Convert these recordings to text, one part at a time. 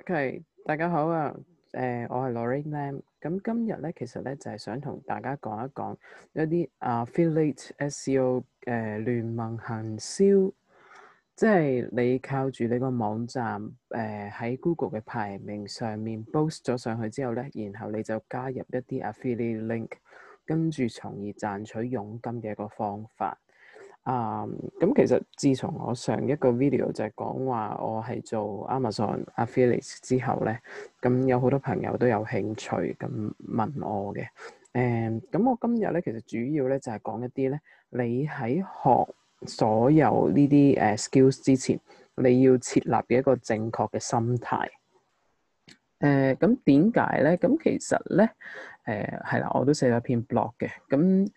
OK，大家好啊。誒、呃，我係 Lorraine。咁今日咧，其實咧就係、是、想同大家講一講一啲 affiliate SEO 誒、呃、聯盟行銷，即、就、係、是、你靠住你個網站誒喺、呃、Google 嘅排名上面 boost 咗上去之後咧，然後你就加入一啲 affiliate link，跟住從而賺取佣金嘅一個方法。啊，咁、um, 其實自從我上一個 video 就係講話我係做 Amazon Affiliate 之後咧，咁有好多朋友都有興趣咁問我嘅。誒，咁我今日咧其實主要咧就係講一啲咧，你喺學所有呢啲誒 skills 之前，你要設立嘅一個正確嘅心態。誒、uh，咁點解咧？咁其實咧。誒，係啦、uh，我都寫咗篇 blog 嘅。咁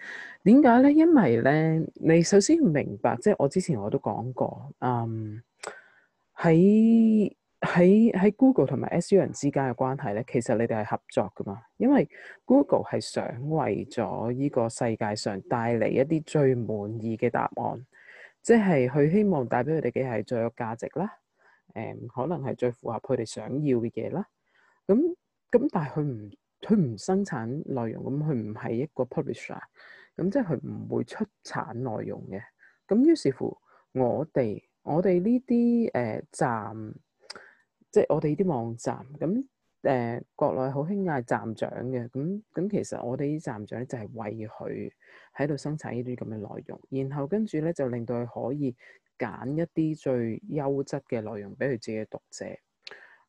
點解咧？因為咧，你首先要明白，即係我之前我都講過，嗯，喺喺喺 Google 同埋 SEO 之間嘅關係咧，其實你哋係合作噶嘛。因為 Google 係想為咗呢個世界上帶嚟一啲最滿意嘅答案，即係佢希望帶俾佢哋嘅係最有價值啦，誒，嗯，可能係最符合佢哋想要嘅嘢啦。咁咁，但係佢唔。佢唔生產內容，咁佢唔係一個 publisher，咁即係佢唔會出產內容嘅。咁於是乎，我哋我哋呢啲誒站，即係我哋呢啲網站，咁誒國內好興嗌站長嘅。咁咁其實我哋啲站長就係為佢喺度生產呢啲咁嘅內容，然後跟住咧就令到佢可以揀一啲最優質嘅內容俾佢自己嘅讀者。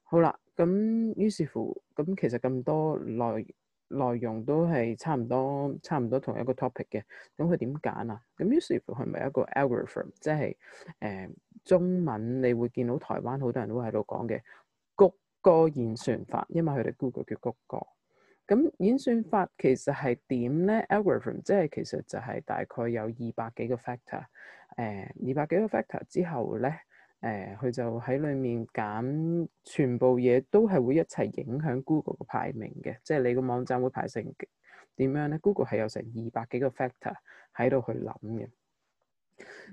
好啦，咁於是乎，咁其實咁多內內容都係差唔多，差唔多同一個 topic 嘅。咁佢點揀啊？咁於是乎，係咪一個 algorithm，即係誒、呃、中文，你會見到台灣好多人都喺度講嘅谷歌演算法，因為佢哋 Google 叫谷歌。咁演算法其實係點咧？algorithm 即係其實就係大概有二百幾個 factor，誒、呃、二百幾個 factor 之後咧。誒，佢、呃、就喺裏面揀全部嘢，都係會一齊影響 Google 嘅排名嘅，即係你個網站會排成點樣咧？Google 係有成二百幾個 factor 喺度去諗嘅。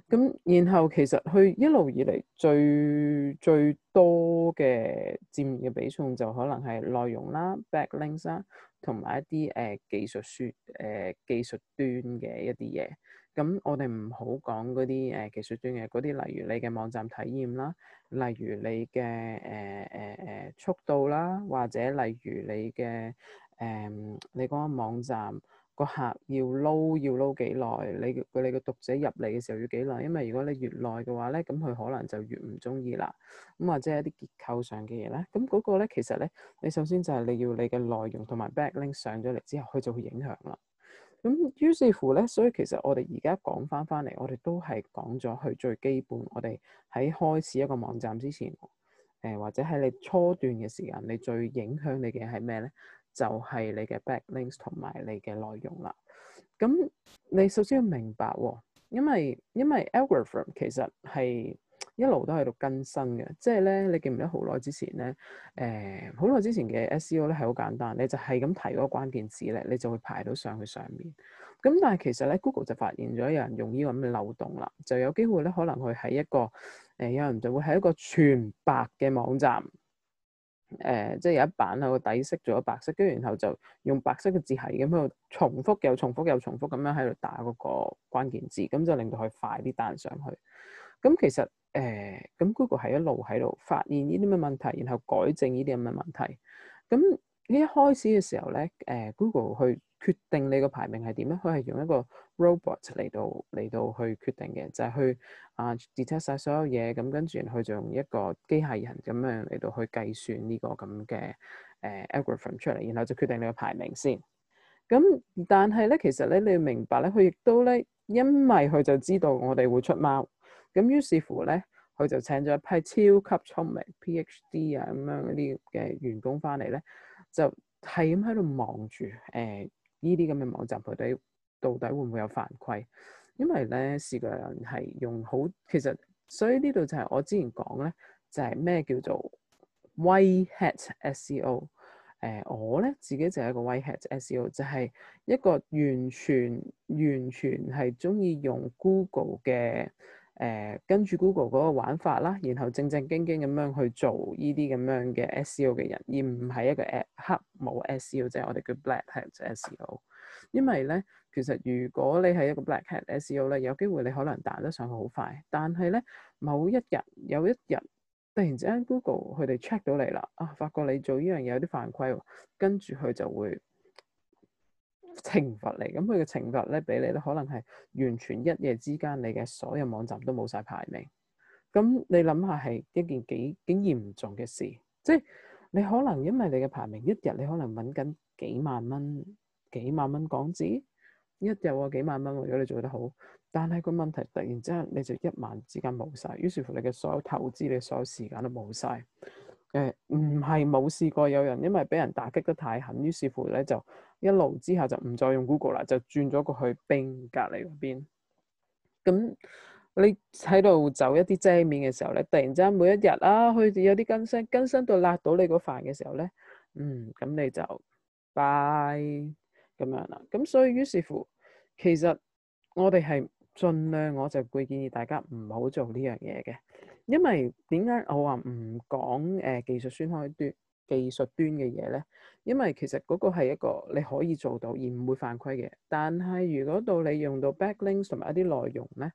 咁然後其實佢一路以嚟，最最多嘅佔嘅比重就可能係內容啦、backlinks 啦，同埋一啲誒、呃、技術說誒技術端嘅一啲嘢。咁我哋唔好講嗰啲誒技術端嘅嗰啲，例如你嘅網站體驗啦，例如你嘅誒誒誒速度啦，或者例如你嘅誒、呃、你嗰個網站個客要 load 要 load 幾耐，你佢你個讀者入嚟嘅時候要幾耐，因為如果你越耐嘅話咧，咁佢可能就越唔中意啦。咁或者係一啲結構上嘅嘢咧，咁嗰個咧其實咧，你首先就係你要你嘅內容同埋 backlink 上咗嚟之後，佢就會影響啦。咁於是乎咧，所以其實我哋而家講返返嚟，我哋都係講咗佢最基本。我哋喺開始一個網站之前，誒、呃、或者喺你初段嘅時間，你最影響你嘅係咩咧？就係、是、你嘅 backlinks 同埋你嘅內容啦。咁你首先要明白，因為因為 algorithm 其實係。一路都喺度更新嘅，即係咧，你記唔得好耐之前咧？誒、呃，好耐之前嘅 SEO 咧係好簡單，你就係咁提嗰個關鍵字咧，你就會排到上去上面。咁但係其實咧，Google 就發現咗有人用呢個咁嘅漏洞啦，就有機會咧可能佢喺一個誒、呃、有人就會喺一個全白嘅網站，誒即係有一版喺個底色做咗白色，跟住然後就用白色嘅字係咁喺度重複又重複又重複咁樣喺度打嗰個關鍵字，咁就令到佢快啲彈上去。咁、嗯、其實。誒，咁、uh, Google 係一路喺度發現呢啲咁嘅問題，然後改正呢啲咁嘅問題。咁呢一開始嘅時候咧，誒、uh,，Google 去決定你個排名係點咧，佢係用一個 robot 嚟到嚟到去決定嘅，就係、是、去啊、uh,，detect 晒所有嘢，咁跟住佢就用一個機械人咁樣嚟到去計算呢個咁嘅誒 algorithm 出嚟，然後就決定你個排名先。咁但係咧，其實咧你要明白咧，佢亦都咧，因為佢就知道我哋會出貓。咁於是乎咧，佢就請咗一批超級聰明 PhD 啊，咁樣嗰啲嘅員工翻嚟咧，就係咁喺度望住誒呢啲咁嘅網站，到底到底會唔會有犯規？因為咧，試過有人係用好其實，所以呢度就係我之前講咧，就係咩叫做 White Hat SEO。誒、呃，我咧自己就係一個 White Hat SEO，就係一個完全完全係中意用 Google 嘅。誒、呃、跟住 Google 嗰個玩法啦，然後正正經經咁樣去做呢啲咁樣嘅 SEO 嘅人，而唔係一個黑帽 SEO，即係我哋叫 black hat SEO。因為咧，其實如果你係一個 black hat SEO 咧，SE o，有機會你可能彈得上去好快，但係咧某一日有一日突然之間 Google 佢哋 check 到你啦，啊發覺你做呢樣嘢有啲犯規，跟住佢就會懲罰嚟，咁佢嘅懲罰咧，俾你咧可能係完全一夜之間，你嘅所有網站都冇晒排名。咁你諗下，係一件幾幾嚴重嘅事。即係你可能因為你嘅排名，一日你可能搵緊幾萬蚊，幾萬蚊港紙，一日啊幾萬蚊，如果你做得好。但係個問題突然之間，你就一晚之間冇晒，於是乎你嘅所有投資，你所有時間都冇晒。誒，唔係冇試過有人因為俾人打擊得太狠，於是乎咧就一路之下就唔再用 Google 啦，就轉咗過去 Bing 隔籬邊。咁你喺度走一啲遮面嘅時候咧，突然之間每一日啦、啊，佢有啲更新，更新到辣到你個飯嘅時候咧，嗯，咁你就 bye 咁樣啦。咁所以於是乎，其實我哋係盡量，我就會建議大家唔好做呢樣嘢嘅。因為點解我話唔講誒技術端開端技術端嘅嘢咧？因為其實嗰個係一個你可以做到而唔會犯規嘅。但係如果到你用到 backlinks 同埋一啲內容咧，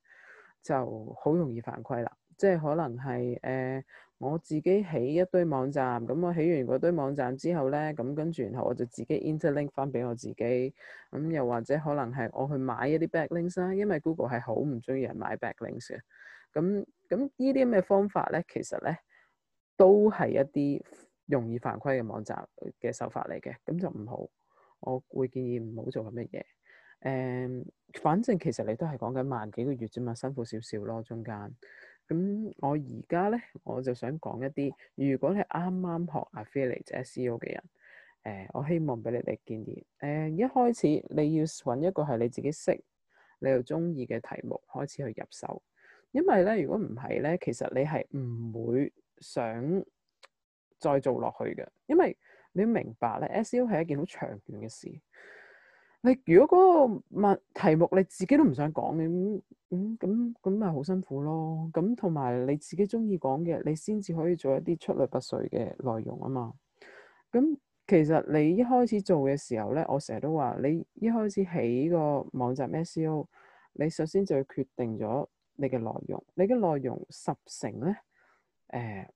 就好容易犯規啦。即係可能係誒、呃、我自己起一堆網站，咁我起完嗰堆網站之後咧，咁跟住然後我就自己 interlink 翻俾我自己。咁又或者可能係我去買一啲 backlinks 啦，因為 Google 係好唔中意人買 backlinks 嘅。咁咁呢啲咩方法咧？其實咧都係一啲容易犯規嘅網站嘅手法嚟嘅，咁就唔好。我會建議唔好做咁嘅嘢。誒、嗯，反正其實你都係講緊萬幾個月啫嘛，辛苦少少咯中間。咁我而家咧我就想講一啲，如果你啱啱學 affiliate SEO 嘅人，誒、嗯，我希望俾你哋建議。誒、嗯，一開始你要揾一個係你自己識、你又中意嘅題目開始去入手。因為咧，如果唔係咧，其實你係唔會想再做落去嘅。因為你明白咧，SEO 係一件好長遠嘅事。你如果嗰個題目你自己都唔想講嘅，咁咁咁咪好辛苦咯。咁同埋你自己中意講嘅，你先至可以做一啲出類拔萃嘅內容啊嘛。咁其實你一開始做嘅時候咧，我成日都話你一開始起個網站 SEO，你首先就要決定咗。你嘅內容，你嘅內容十成咧，誒、呃，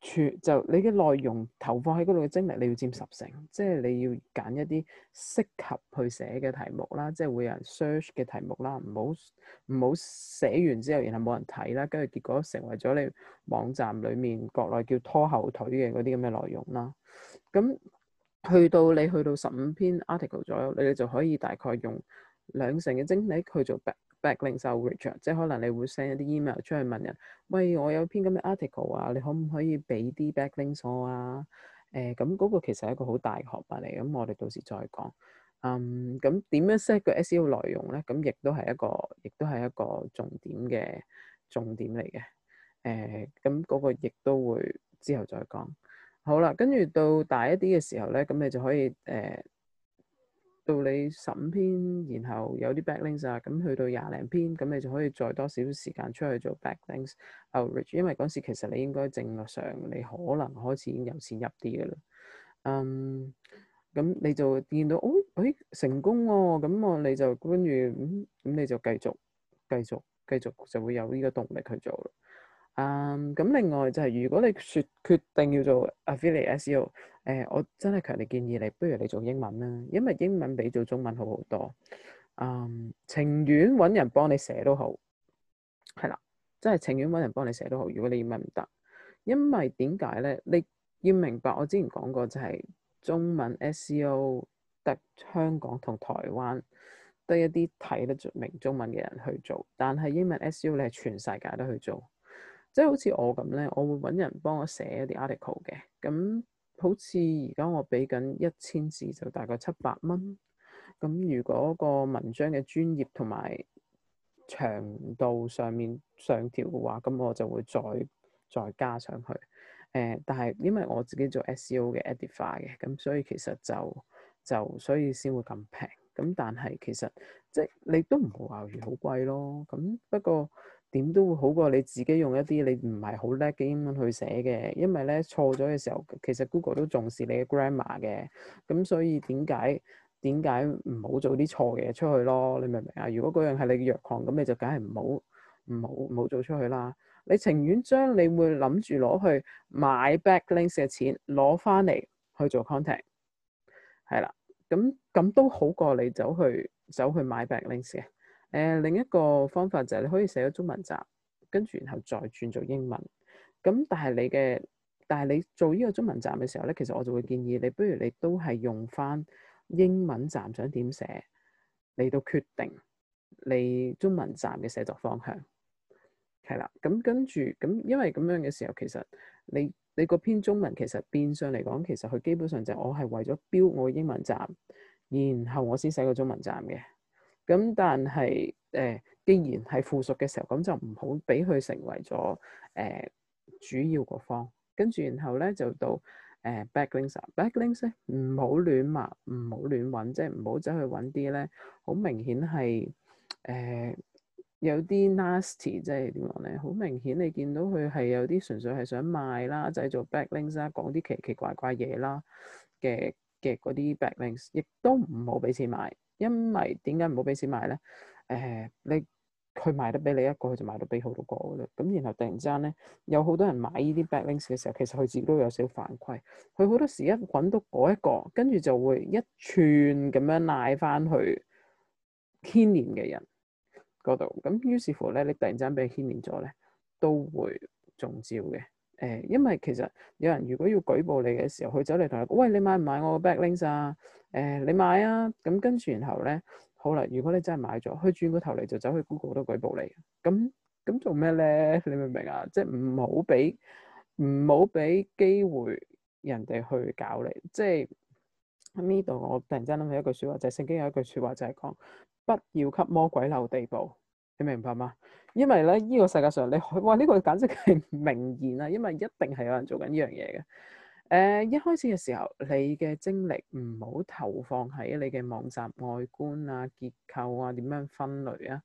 全就你嘅內容投放喺嗰度嘅精力，你要佔十成，即係你要揀一啲適合去寫嘅題目啦，即係會有人 search 嘅題目啦，唔好唔好寫完之後，然後冇人睇啦，跟住結果成為咗你網站裏面國內叫拖後腿嘅嗰啲咁嘅內容啦。咁去到你去到十五篇 article 左右，你哋就可以大概用兩成嘅精力去做 Backlink outreach 即係可能你會 send 一啲 email 出去問人，喂，我有篇咁嘅 article 啊，你可唔可以俾啲 backlink 我 back 啊？誒、呃，咁嗰個其實係一個好大嘅學問嚟，咁我哋到時再講。嗯，咁點樣 set 個 SEO 內容咧？咁亦都係一個，亦都係一個重點嘅重點嚟嘅。誒、呃，咁嗰個亦都會之後再講。好啦，跟住到大一啲嘅時候咧，咁你就可以誒，呃到你十五篇，然後有啲 backlinks 啊，咁去到廿零篇，咁你就可以再多少少時間出去做 backlinks outreach，因為嗰時其實你應該正嘅上，你可能開始已經有錢入啲嘅啦。嗯，咁你就見到，哦，哎，成功喎，哦，咁我你就跟住咁，咁你就繼續繼續繼續就會有呢個動力去做。嗯，咁、um, 另外就係、是、如果你決決定要做 affiliate SEO，、呃、誒，我真係強烈建議你，不如你做英文啦，因為英文比做中文好好多。嗯，情願揾人幫你寫都好，係啦，真係情願揾人幫你寫都好。如果你英文唔得，因為點解咧？你要明白我之前講過，就係中文 SEO 得香港同台灣得一啲睇得明中文嘅人去做，但係英文 SEO 你係全世界都去做。即係好似我咁咧，我會揾人幫我寫一啲 article 嘅。咁好似而家我俾緊一千字就大概七百蚊。咁如果個文章嘅專業同埋長度上面上調嘅話，咁我就會再再加上去。誒、呃，但係因為我自己做 SEO 嘅 editor 嘅，咁所以其實就就所以先會咁平。咁但係其實即係你都唔好話住好貴咯。咁不過。點都會好過你自己用一啲你唔係好叻嘅英文去寫嘅，因為咧錯咗嘅時候，其實 Google 都重視你嘅 grammar 嘅，咁所以點解點解唔好做啲錯嘅嘢出去咯？你明唔明啊？如果嗰樣係你嘅弱項，咁你就梗係唔好唔好唔好做出去啦。你情願將你會諗住攞去買 backlinks 嘅錢攞翻嚟去做 content，係啦，咁咁都好過你走去走去買 backlinks 嘅。誒、呃、另一個方法就係你可以寫個中文站，跟住然後再轉做英文。咁但係你嘅，但係你做呢個中文站嘅時候咧，其實我就會建議你，不如你都係用翻英文站想點寫嚟到決定你中文站嘅寫作方向係啦。咁跟住咁，因為咁樣嘅時候，其實你你嗰篇中文其實變相嚟講，其實佢基本上就係我係為咗標我英文站，然後我先寫個中文站嘅。咁但係誒、呃，既然係附屬嘅時候，咁就唔好俾佢成為咗誒、呃、主要個方。跟住然後咧，就到誒 backlinks，backlinks 咧唔好亂買，唔好亂揾，即係唔好走去揾啲咧好明顯係誒有啲 nasty，即係點講咧？好明顯你見到佢係有啲純粹係想賣啦，就係做 backlinks 啦，講啲奇奇怪怪嘢啦嘅嘅嗰啲 backlinks，亦都唔好俾錢買。因為點解唔好俾錢買咧？誒、呃，你佢賣得俾你一個，佢就賣到俾好多個嘅啦。咁然後突然之間咧，有好多人買呢啲 backlinks 嘅時候，其實佢自己都有少少犯規。佢好多時一揾到嗰、那、一個，跟住就會一串咁樣拉翻去牽連嘅人嗰度。咁於是乎咧，你突然之間俾牽連咗咧，都會中招嘅。誒，因為其實有人如果要舉報你嘅時候，佢走嚟同你，喂，你買唔買我個 backlinks 啊？誒、呃，你買啊，咁跟住然後咧，好啦，如果你真係買咗，佢轉個頭嚟就走去 Google 度舉報你，咁咁做咩咧？你明唔明啊？即係唔好俾唔好俾機會人哋去搞你，即係喺呢度我突然間諗起一句說話，就係聖經有一句說話就係講，不要給魔鬼留地步。你明白嗎？因為咧呢、這個世界上你可，你哇呢、這個簡直係名言啊，因為一定係有人做緊呢樣嘢嘅。誒、呃，一開始嘅時候，你嘅精力唔好投放喺你嘅網站外觀啊、結構啊、點樣分類啊。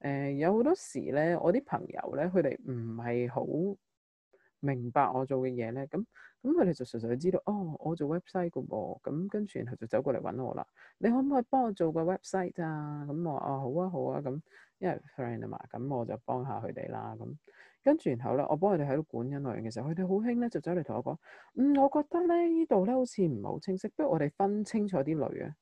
誒、呃，有好多時咧，我啲朋友咧，佢哋唔係好明白我做嘅嘢咧，咁咁佢哋就純粹知道哦，我做 website 噶噃，咁跟住然後就走過嚟搵我啦。你可唔可以幫我做個 website 啊？咁我話哦、啊，好啊，好啊，咁。因為 friend 啊嘛，咁我就幫下佢哋啦。咁跟住然後咧，我幫佢哋喺度管緊類型嘅時候，佢哋好興咧就走嚟同我講：嗯，我覺得咧呢度咧好似唔係好清晰，不如我哋分清楚啲類啊。誒、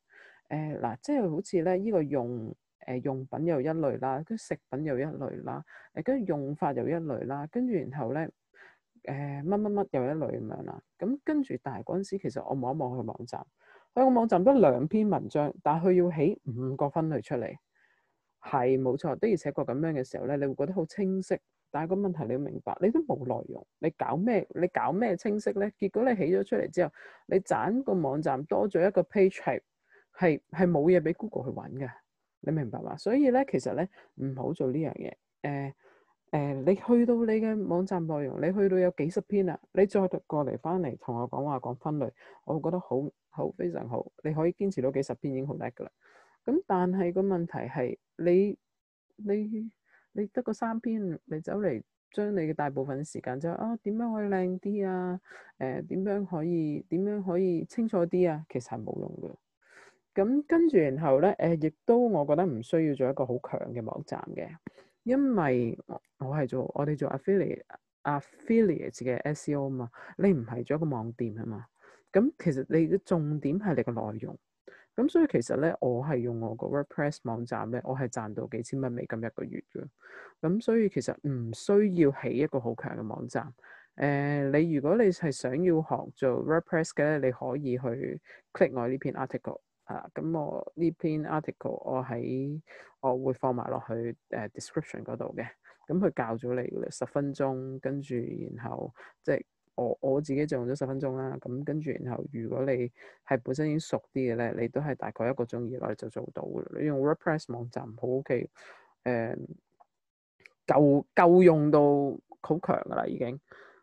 呃，嗱，即係好似咧呢個用誒、呃、用品又一類啦，呃，跟食品又一類啦，誒跟住用法又一類啦，跟住然後咧誒乜乜乜又一類咁樣啦。咁跟住但係嗰陣時其實我望一望佢個網站，佢個網站得兩篇文章，但佢要起五個分類出嚟。係冇錯，的而且確咁樣嘅時候咧，你會覺得好清晰。但係個問題你要明白，你都冇內容，你搞咩？你搞咩清晰咧？結果你起咗出嚟之後，你掙個網站多咗一個 page t y p 係冇嘢俾 Google 去揾嘅。你明白嘛？所以咧，其實咧唔好做呢樣嘢。誒、呃、誒、呃，你去到你嘅網站內容，你去到有幾十篇啊？你再過嚟翻嚟同我講話講分類，我覺得好好非常好。你可以堅持到幾十篇已經好叻㗎啦。咁但係個問題係你你你得個三篇，你走嚟將你嘅大部分時間就話、啊點樣可以靚啲啊？誒、呃、點樣可以點樣可以清楚啲啊？其實係冇用嘅。咁跟住然後咧，誒、呃、亦都我覺得唔需要做一個好強嘅網站嘅，因為我我係做我哋做 affiliate affiliates 嘅 SEO 啊嘛。你唔係做一個網店啊嘛。咁其實你嘅重點係你個內容。咁所以其實咧，我係用我個 WordPress 網站咧，我係賺到幾千蚊美金一個月嘅。咁所以其實唔需要起一個好強嘅網站。誒、呃，你如果你係想要學做 WordPress 嘅咧，你可以去 click 我呢篇 article 啊。咁我呢篇 article 我喺我會放埋落去誒、uh, description 嗰度嘅。咁佢教咗你十分鐘，跟住然後即係。就是我我自己就用咗十分鐘啦，咁跟住然後，如果你係本身已經熟啲嘅咧，你都係大概一個鐘以內就做到㗎啦。你用 WordPress 網站好 OK，誒夠夠用到好強噶啦已經。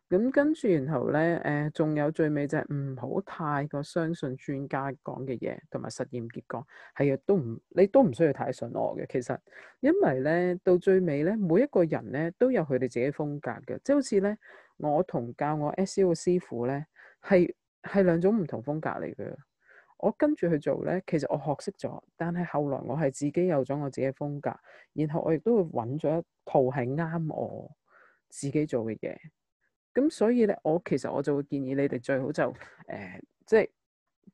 咁跟住然後咧，誒仲有最尾就係唔好太過相信專家講嘅嘢同埋實驗結果，係啊，都唔你都唔需要太信我嘅。其實因為咧到最尾咧，每一個人咧都有佢哋自己風格嘅，即係好似咧。我同教我 SEO 嘅師傅咧，係係兩種唔同風格嚟嘅。我跟住去做咧，其實我學識咗，但係後來我係自己有咗我自己嘅風格，然後我亦都會搵咗一套係啱我自己做嘅嘢。咁所以咧，我其實我就會建議你哋最好就誒，即、呃、係、就是、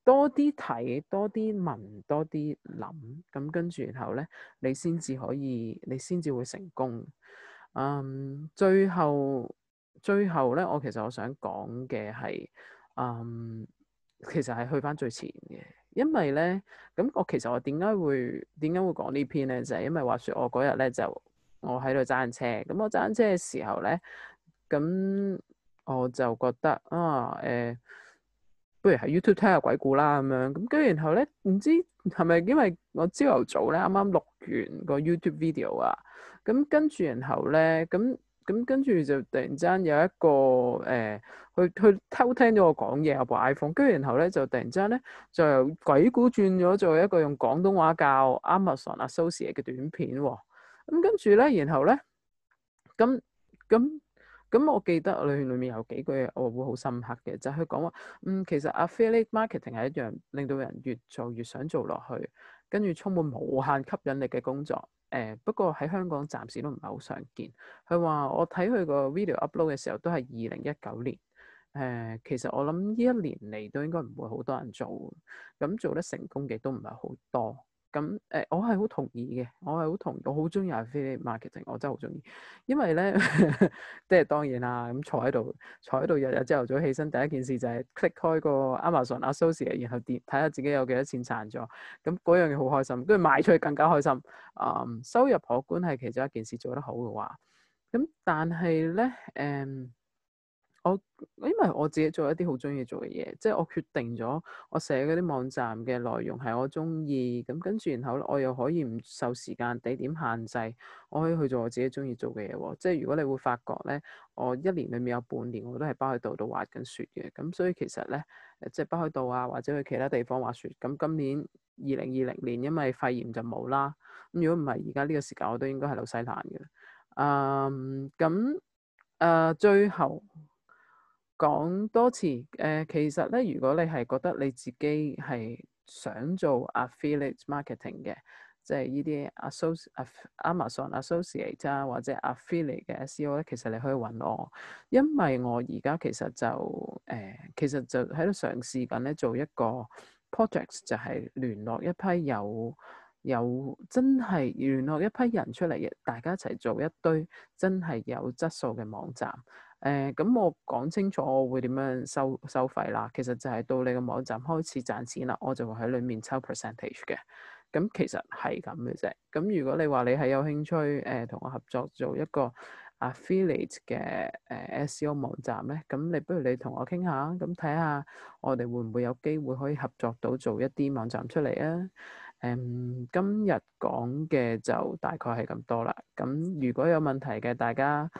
多啲睇，多啲問，多啲諗，咁跟住然後咧，你先至可以，你先至會成功。嗯，最後。最後咧，我其實我想講嘅係，嗯，其實係去翻最前嘅，因為咧，咁我其實我點解會點解會講呢篇咧，就係、是、因為話說我嗰日咧就我喺度揸車，咁我揸車嘅時候咧，咁我就覺得啊，誒、呃，不如喺 YouTube 聽下鬼故啦，咁樣，咁跟住然後咧，唔知係咪因為我朝頭早咧啱啱錄完個 YouTube video 啊，咁跟住然後咧，咁。咁跟住就突然間有一個誒，佢、呃、佢偷聽咗我講嘢有部 iPhone，跟住然後咧就突然間咧就由鬼故轉咗做一個用廣東話教 Amazon associate 嘅短片喎，咁、嗯、跟住咧然後咧咁咁。咁我記得裏面有幾句嘢我會好深刻嘅，就係佢講話，嗯，其實 affiliate marketing 係一樣令到人越做越想做落去，跟住充滿無限吸引力嘅工作。誒、呃、不過喺香港暫時都唔係好常見。佢話我睇佢個 video upload 嘅時候都係二零一九年誒、呃，其實我諗呢一年嚟都應該唔會好多人做，咁做得成功嘅都唔係好多。咁誒、嗯，我係好同意嘅，我係好同，意，我好中意 affiliate marketing，我真係好中意，因為咧，即 係當然啦，咁坐喺度，坐喺度日日朝頭早起身，第一件事就係 click 開個 Amazon、阿 Associate，然後睇下自己有幾多錢賺咗，咁、嗯、嗰樣嘢好開心，跟住賣出去更加開心，啊、嗯，收入可觀係其中一件事做得好嘅話，咁、嗯、但係咧，誒、嗯。我因為我自己做一啲好中意做嘅嘢，即係我決定咗我寫嗰啲網站嘅內容係我中意，咁跟住然後我又可以唔受時間、地點限制，我可以去做我自己中意做嘅嘢喎。即係如果你會發覺咧，我一年裏面有半年我都係北海道度滑緊雪嘅，咁所以其實咧，即係北海道啊，或者去其他地方滑雪。咁今年二零二零年，因為肺炎就冇啦。咁如果唔係而家呢個時間，我都應該係紐西蘭嘅。嗯，咁誒、呃、最後。講多次，誒、呃，其實咧，如果你係覺得你自己係想做 affiliate marketing 嘅，即係呢啲 associate、啊、Amazon associate 啊，或者 affiliate 嘅 SEO 咧，其實你可以搵我，因為我而家其實就誒、呃，其實就喺度嘗試緊咧做一個 projects，就係聯絡一批有有真係聯絡一批人出嚟嘅，大家一齊做一堆真係有質素嘅網站。誒咁，嗯、我講清楚，我會點樣收收費啦。其實就係到你個網站開始賺錢啦，我就會喺裡面抽 percentage 嘅。咁、嗯、其實係咁嘅啫。咁、嗯、如果你話你係有興趣，誒、呃、同我合作做一個 affiliate 嘅誒、呃、SEO 網站咧，咁你不如你同我傾下，咁睇下我哋會唔會有機會可以合作到做一啲網站出嚟啊？誒、嗯，今日講嘅就大概係咁多啦。咁、嗯、如果有問題嘅，大家～